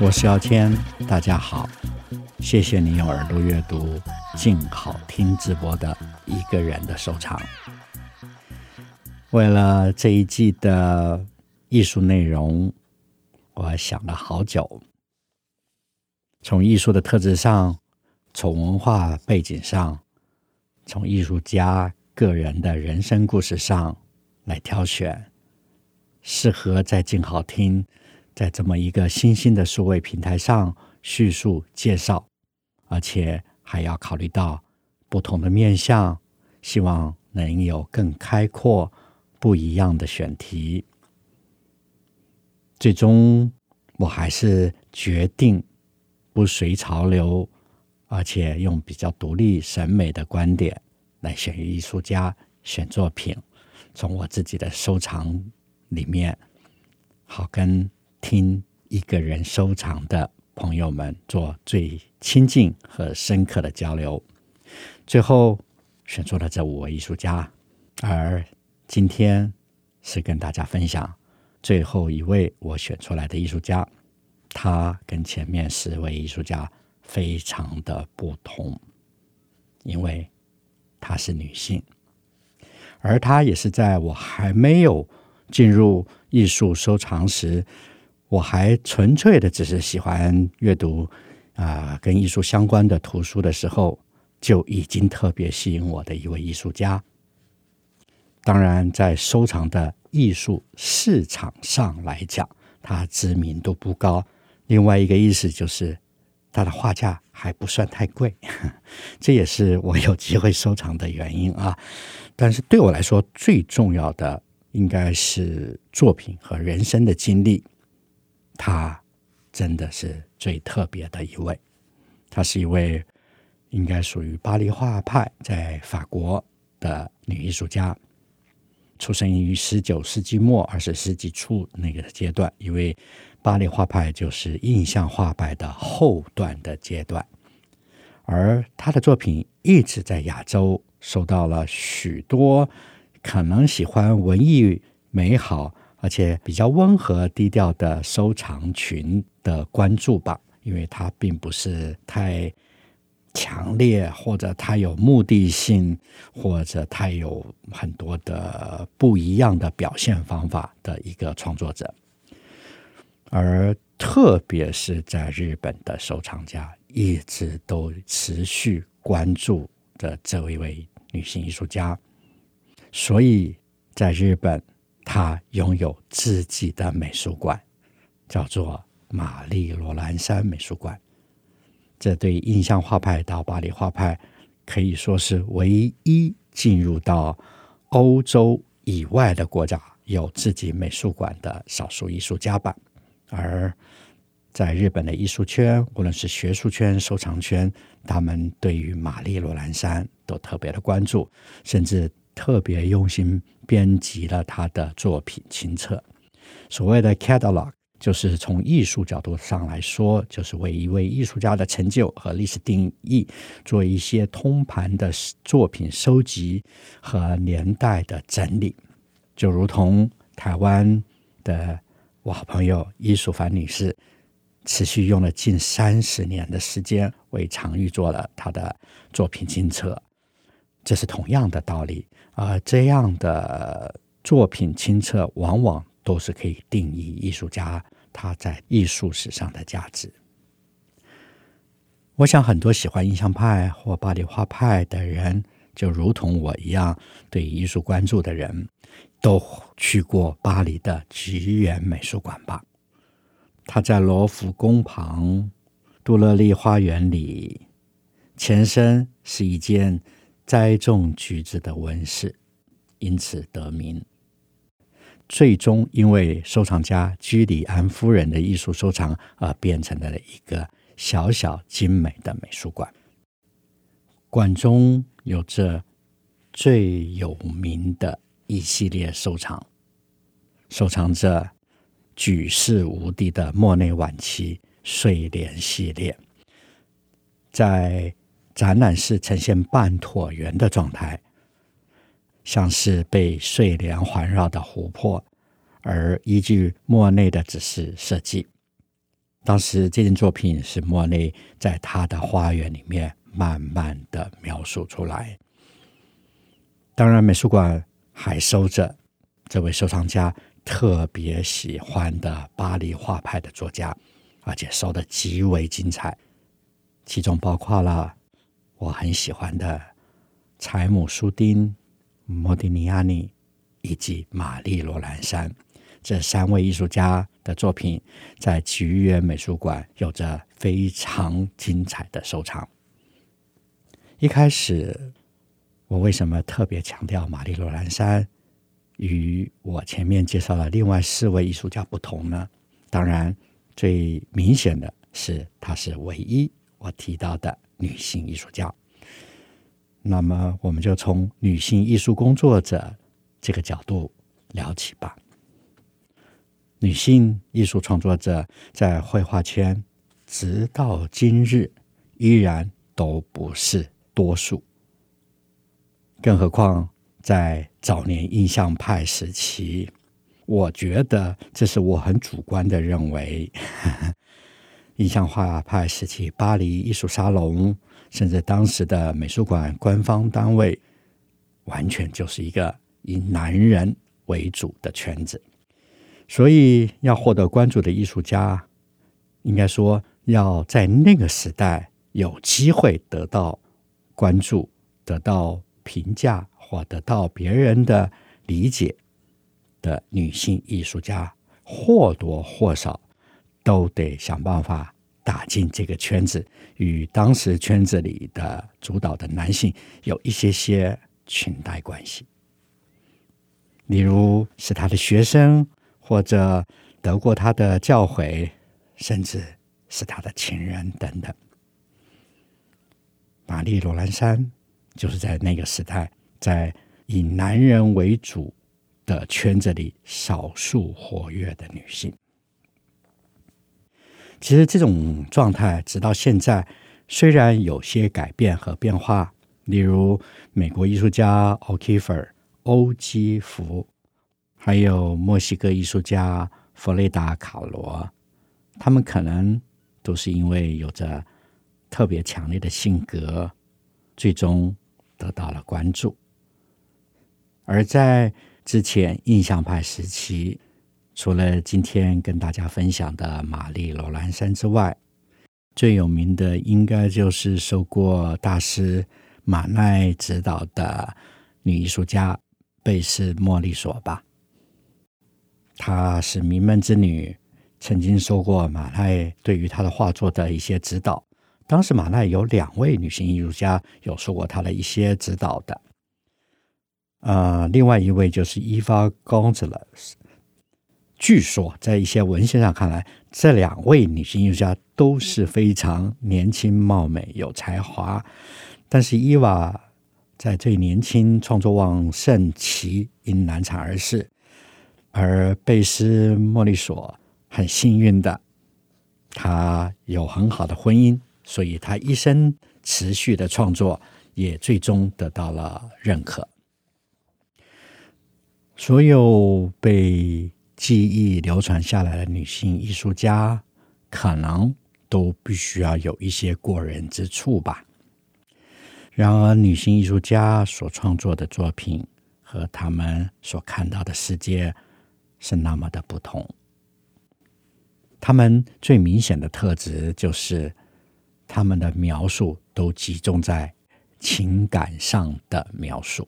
我是姚謙，大家好，謝謝你用耳朵閱讀靜好聽直播的一個人的收藏。為了這一季的藝術內容，我想了好久，從藝術的特質上，從文化背景上，從藝術家個人的人生故事上來挑選，適合在靜好聽。在這麼一個新興的數位平台上敘述介紹，而且還要考慮到不同的面向，希望能有更開闊、不一樣的選題。最終，我還是決定不隨潮流，而且用比較獨立審美的觀點來選藝術家、選作品，從我自己的收藏裡面，好跟。聽一個人收藏的朋友們做最親近和深刻的交流。最後選出了這五位藝術家，而今天是跟大家分享最後一位我選出來的藝術家。她跟前面四位藝術家非常的不同，因為她是女性，而她也是在我還沒有進入藝術收藏時。我還純粹的只是喜歡閱讀啊、呃，跟藝術相關的圖書的時候，就已經特別吸引我的一位藝術家。當然，在收藏的藝術市場上來講，她知名度不高。另外一個意思就是，她的畫價還不算太貴，這也是我有機會收藏的原因啊。但是對我來說，最重要的應該是作品和人生的經歷。她真的是最特別的一位。她是一位應該屬於巴黎畫派，在法國的女藝術家，出生於十九世紀末，二十世紀初那個階段。因為巴黎畫派就是印象畫派的後段的階段，而她的作品一直在亞洲受到了許多可能喜歡文藝美好。而且比較溫和低調的收藏群的關注吧，因為他並不是太強烈，或者太有目的性，或者太有很多的不一樣的表現方法的一個創作者。而特別是在日本的收藏家一直都持續關注的這一位女性藝術家，所以在日本。他擁有自己的美術館，叫做瑪麗·羅蘭珊美術館。這對印象畫派到巴黎畫派可以說是唯一進入到歐洲以外的國家有自己美術館的少數藝術家吧。而在日本的藝術圈，無論是學術圈、收藏圈，他們對於瑪麗·羅蘭珊都特別的關注，甚至。特別用心編輯了她的作品清冊，所謂的 catalog 就是從藝術角度上來說，就是為一位藝術家的成就和歷史定義做一些通盤的作品收集和年代的整理，就如同台灣的我好朋友衣淑凡女士，持續用了近三十年的時間為常玉做了他的作品清冊，這是同樣的道理。啊、呃，這樣的作品清澈，往往都是可以定義藝術家他在藝術史上的價值。我想，很多喜歡印象派或巴黎畫派的人，就如同我一樣對藝術關注的人，都去過巴黎的橘園美術館吧？它在羅浮宮旁，杜樂麗花園裡，前身是一間。栽種橘子的溫室，因此得名。最終，因為收藏家居里安夫人的藝術收藏而、呃、變成了一個小小精美的美術館。館中有着最有名的一系列收藏，收藏着舉世無敵的莫內晚期睡蓮系列，在。展覽室呈現半橢圓的狀態，像是被睡蓮環繞的湖泊，而依據莫內的指示設計。當時這件作品是莫內在他的花園裡面慢慢地描述出來。當然，美術館還收着這位收藏家特別喜歡的巴黎畫派的作家，而且收得極為精彩，其中包括了。我很喜歡的柴姆·蘇丁、莫迪尼亞尼以及瑪麗·羅蘭珊這三位藝術家的作品，在橘園美術館有着非常精彩的收藏。一開始，我為什麼特別強調瑪麗·羅蘭珊與我前面介紹了另外四位藝術家不同呢？當然，最明顯的是，他是唯一我提到的。女性藝術家，那麼我們就從女性藝術工作者這個角度聊起吧。女性藝術創作者在繪畫圈，直到今日依然都不是多數，更何況在早年印象派時期，我覺得這是我很主觀的認為。呵呵印象畫派時期，巴黎藝術沙龍，甚至當時的美術館官方單位，完全就是一個以男人為主的圈子。所以，要獲得關注的藝術家，應該說要在那個時代有機會得到關注、得到評價，或得到別人的理解的女性藝術家，或多或少。都得想辦法打進這個圈子，與當時圈子裡的主導的男性有一些些裙帶關係，例如是他的學生，或者得過他的教誨，甚至是他的情人等等。瑪麗·羅蘭珊就是在那個時代，在以男人為主的圈子裡少數活躍的女性。其實這種狀態直到現在，雖然有些改變和變化，例如美國藝術家奧基弗、歐基弗，還有墨西哥藝術家弗雷達卡羅，他們可能都是因為有着特別強烈的性格，最終得到了關注。而在之前印象派時期，除了今天跟大家分享的瑪麗·羅蘭珊之外，最有名的應該就是受過大師馬奈指導的女藝術家貝斯·莫利索吧。她是名門之女，曾經受過馬奈對於她的畫作的一些指導。當時馬奈有兩位女性藝術家有受過她的一些指導的，啊、呃，另外一位就是伊發岡澤勒斯。據說，在一些文獻上看來，這兩位女性藝術家都是非常年輕、貌美、有才華。但是伊娃在最年輕、創作旺盛期因難產而逝，而貝斯·莫利索很幸運的，她有很好的婚姻，所以她一生持續的創作也最終得到了認可。所有被記憶流傳下來的女性藝術家，可能都必須要有一些過人之處吧。然而，女性藝術家所創作的作品和他們所看到的世界是那麼的不同。他們最明顯的特質就是，他們的描述都集中在情感上的描述。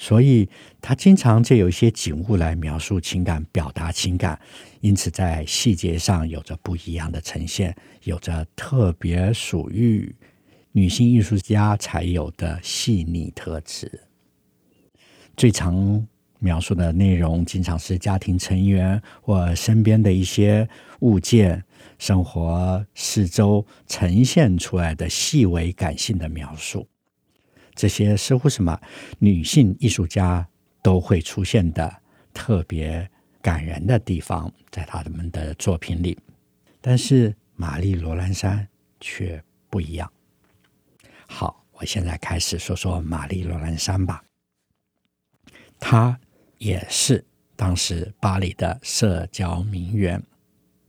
所以，她經常借由一些景物來描述情感、表達情感，因此在細節上有着不一樣的呈現，有着特別屬於女性藝術家才有的細膩特質。最常描述的內容，經常是家庭成員或身邊的一些物件、生活四周呈現出來的細微感性的描述。這些似乎什麼女性藝術家都會出現的特別感人的地方，在他們的作品裡，但是瑪麗·羅蘭珊卻不一樣。好，我現在開始說說瑪麗·羅蘭珊吧。她也是當時巴黎的社交名媛，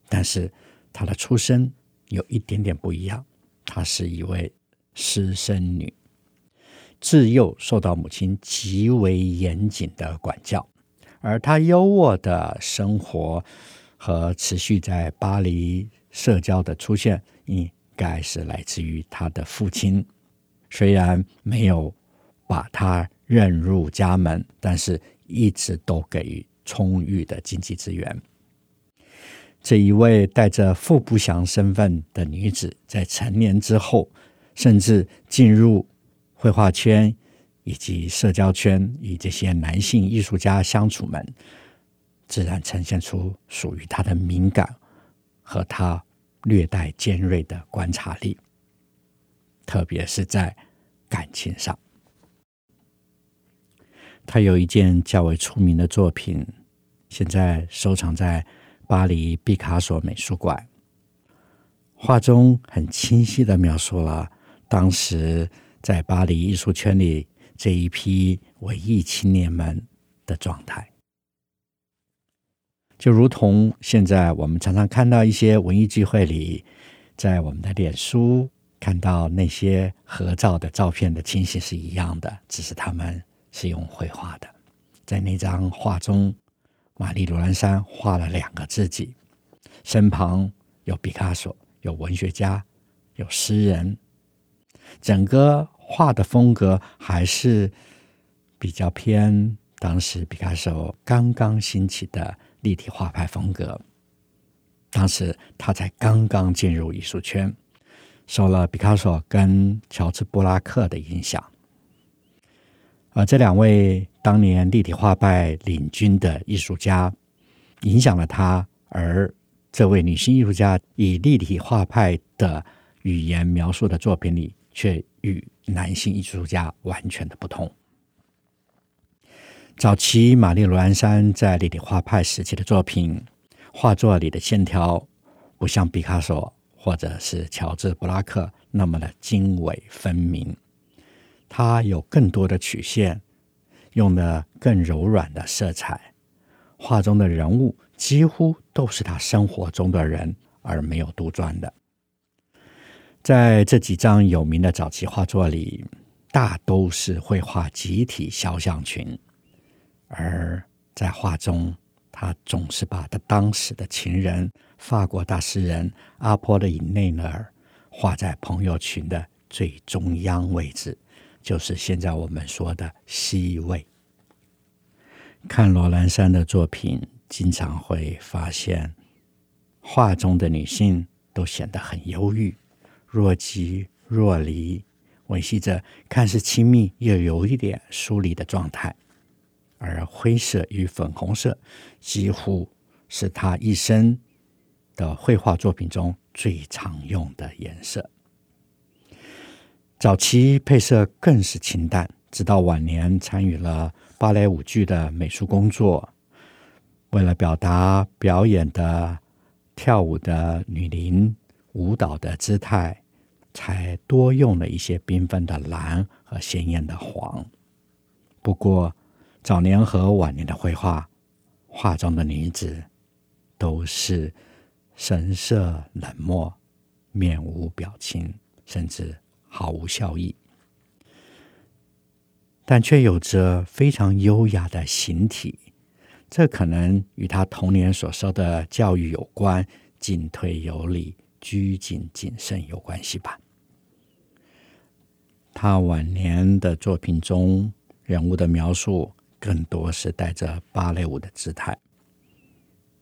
但是她的出身有一點點不一樣，她是一位私生女。自幼受到母親極為嚴謹的管教，而她優渥的生活和持續在巴黎社交的出現，應該是來自於她的父親。雖然沒有把她認入家門，但是一直都給予充裕的經濟資源。這一位帶着父不詳身份的女子，在成年之後，甚至進入。繪畫圈以及社交圈與這些男性藝術家相處們，自然呈現出屬於他的敏感和他略帶尖銳的觀察力，特別是在感情上。他有一件較為出名的作品，現在收藏在巴黎畢卡索美術館。畫中很清晰地描述了當時。在巴黎藝術圈裡，這一批文藝青年們的狀態，就如同現在我們常常看到一些文藝聚會裡，在我們的臉書看到那些合照的照片的情形是一樣的，只是他們是用繪畫的。在那張畫中，瑪麗·羅蘭珊畫了兩個自己，身旁有畢卡索，有文學家，有詩人。整個畫的風格還是比較偏當時畢加索剛剛興起的立體畫派風格。當時他才剛剛進入藝術圈，受了畢加索跟喬治·布拉克的影響。而這兩位當年立體畫派領軍的藝術家影響了他。而這位女性藝術家以立體畫派的語言描述的作品裡，卻與男性藝術家完全的不同。早期瑪麗·羅蘭珊在立體畫派時期的作品，畫作裡的線條不像畢卡索或者是喬治·布拉克那麼的經緯分明，他有更多的曲線，用的更柔軟的色彩。畫中的人物幾乎都是他生活中的人，而沒有杜撰的。在這幾張有名的早期畫作裡，大都是繪畫集體肖像群，而在畫中，他總是把他當時的情人、法國大詩人阿波的伊內爾畫在朋友群的最中央位置，就是現在我們說的西位。看羅蘭珊的作品，經常會發現畫中的女性都顯得很憂鬱。若即若離，維繫着看似親密又有一點疏離的狀態。而灰色與粉紅色幾乎是他一生的繪畫作品中最常用的顏色。早期配色更是清淡，直到晚年參與了芭蕾舞劇的美術工作，為了表達表演的、跳舞的女伶，舞蹈的姿態。才多用了一些繽紛的藍和鮮豔的黃。不過，早年和晚年的繪畫，畫中的女子都是神色冷漠、面無表情，甚至毫無笑意，但卻有着非常優雅的形體。這可能與她童年所受的教育有關，進退有禮、拘謹謹慎有關係吧。他晚年的作品中，人物的描述更多是帶着芭蕾舞的姿態，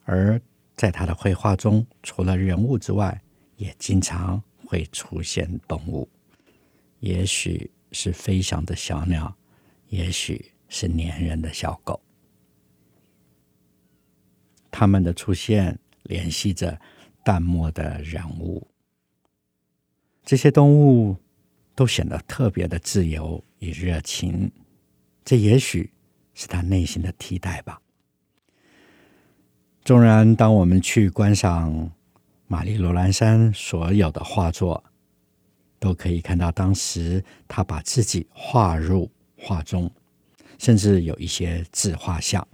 而在他的繪畫中，除了人物之外，也經常會出現動物，也許是飛翔的小鳥，也許是粘人的小狗，他們的出現聯繫着淡漠的人物，這些動物，都顯得特別的自由與熱情，這也許是他內心的替代吧。縱然當我們去觀賞瑪麗·羅蘭珊所有的畫作，都可以看到當時他把自己畫入畫中，甚至有一些自畫像，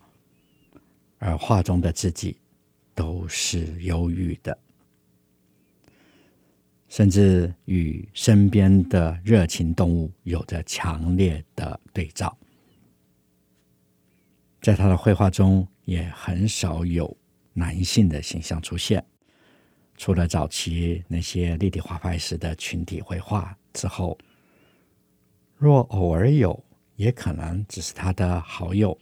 而畫中的自己都是憂鬱的。甚至與身邊的熱情動物有着強烈的對照，在他的繪畫中也很少有男性的形象出現，除了早期那些立體畫派時的群體繪畫之後，若偶爾有，也可能只是他的好友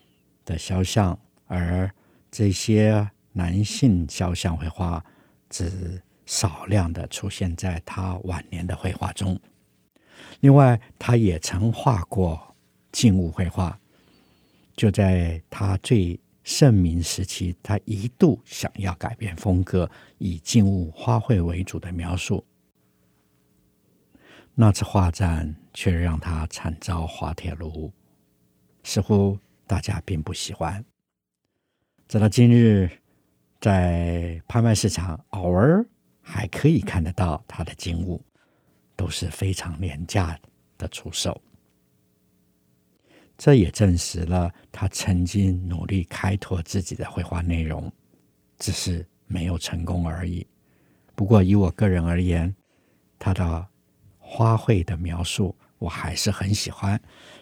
的肖像，而這些男性肖像繪畫只，少量的出現在他晚年的繪畫中。另外，他也曾畫過靜物繪畫。就在他最盛名時期，他一度想要改變風格，以靜物花卉為主的描述。那次畫展卻讓他慘遭滑鐵盧，似乎大家並不喜歡。直到今日，在拍賣市場，偶爾，Our 還可以看得到他的靜物，都是非常廉價的出售。這也證實了他曾經努力開拓自己的繪畫內容，只是沒有成功而已。不過以我個人而言，他的花卉的描述我還是很喜歡，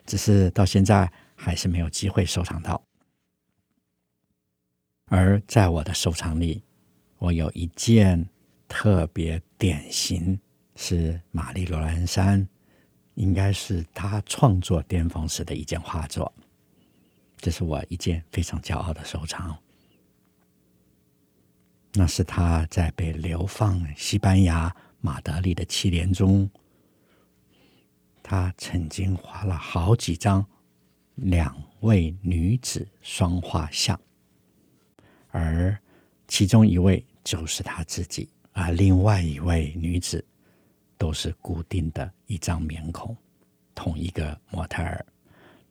只是到現在還是沒有機會收藏到。而在我的收藏裡，我有一件。特別典型是瑪麗·羅蘭珊，應該是他創作巔峰時的一件畫作，這是我一件非常驕傲的收藏。那是他在被流放西班牙馬德里的七年中，他曾經畫了好幾張兩位女子雙畫像，而其中一位就是他自己。啊，另外一位女子都是固定的一張面孔，同一個模特兒，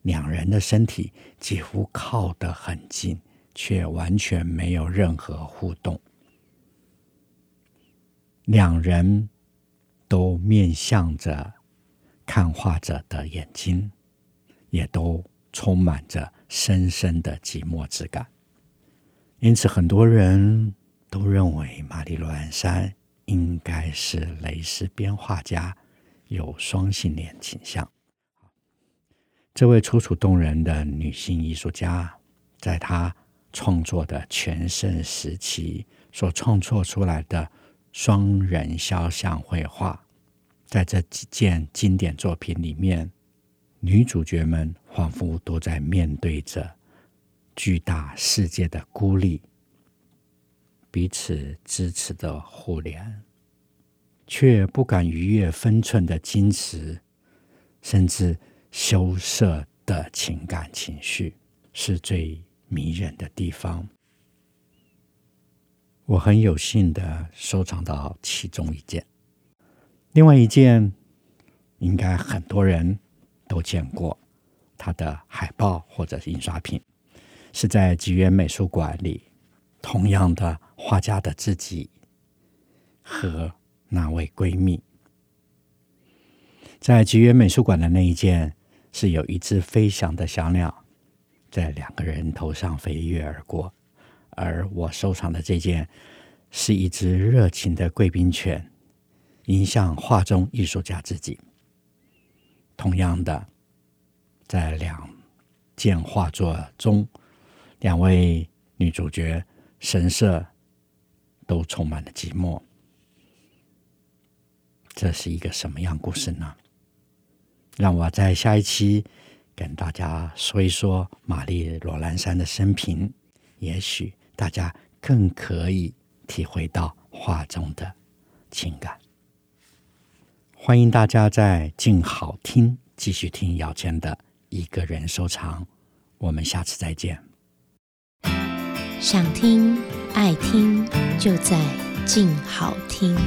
兩人的身體幾乎靠得很近，卻完全沒有任何互動。兩人都面向着看畫者的眼睛，也都充滿着深深的寂寞之感。因此，很多人，都認為瑪麗·羅蘭珊應該是蕾絲邊畫家，有雙性戀傾向。這位楚楚動人的女性藝術家，在她創作的全盛時期所創作出來的雙人肖像繪畫，在這幾件經典作品裡面，女主角們仿佛都在面對着巨大世界的孤立。彼此支持的互聯，卻不敢逾越分寸的矜持，甚至羞澀的情感情緒，是最迷人的地方。我很有幸的收藏到其中一件，另外一件應該很多人都見過，它的海報或者是印刷品，是在吉原美術館裡。同樣的畫家的自己和那位閨蜜，在橘園美術館的那一件是有一隻飛翔的小鳥在兩個人頭上飛躍而過，而我收藏的這件是一隻熱情的貴賓犬，迎向畫中藝術家自己。同樣的，在兩件畫作中，兩位女主角。神色都充滿了寂寞。這是一個什麼樣故事呢？讓我在下一期跟大家說一說瑪麗·羅蘭珊的生平，也許大家更可以體會到畫中的情感。歡迎大家在靜好聽繼續聽姚謙的《一個人收藏》，我們下次再見。想聽、愛聽，就在靜好聽。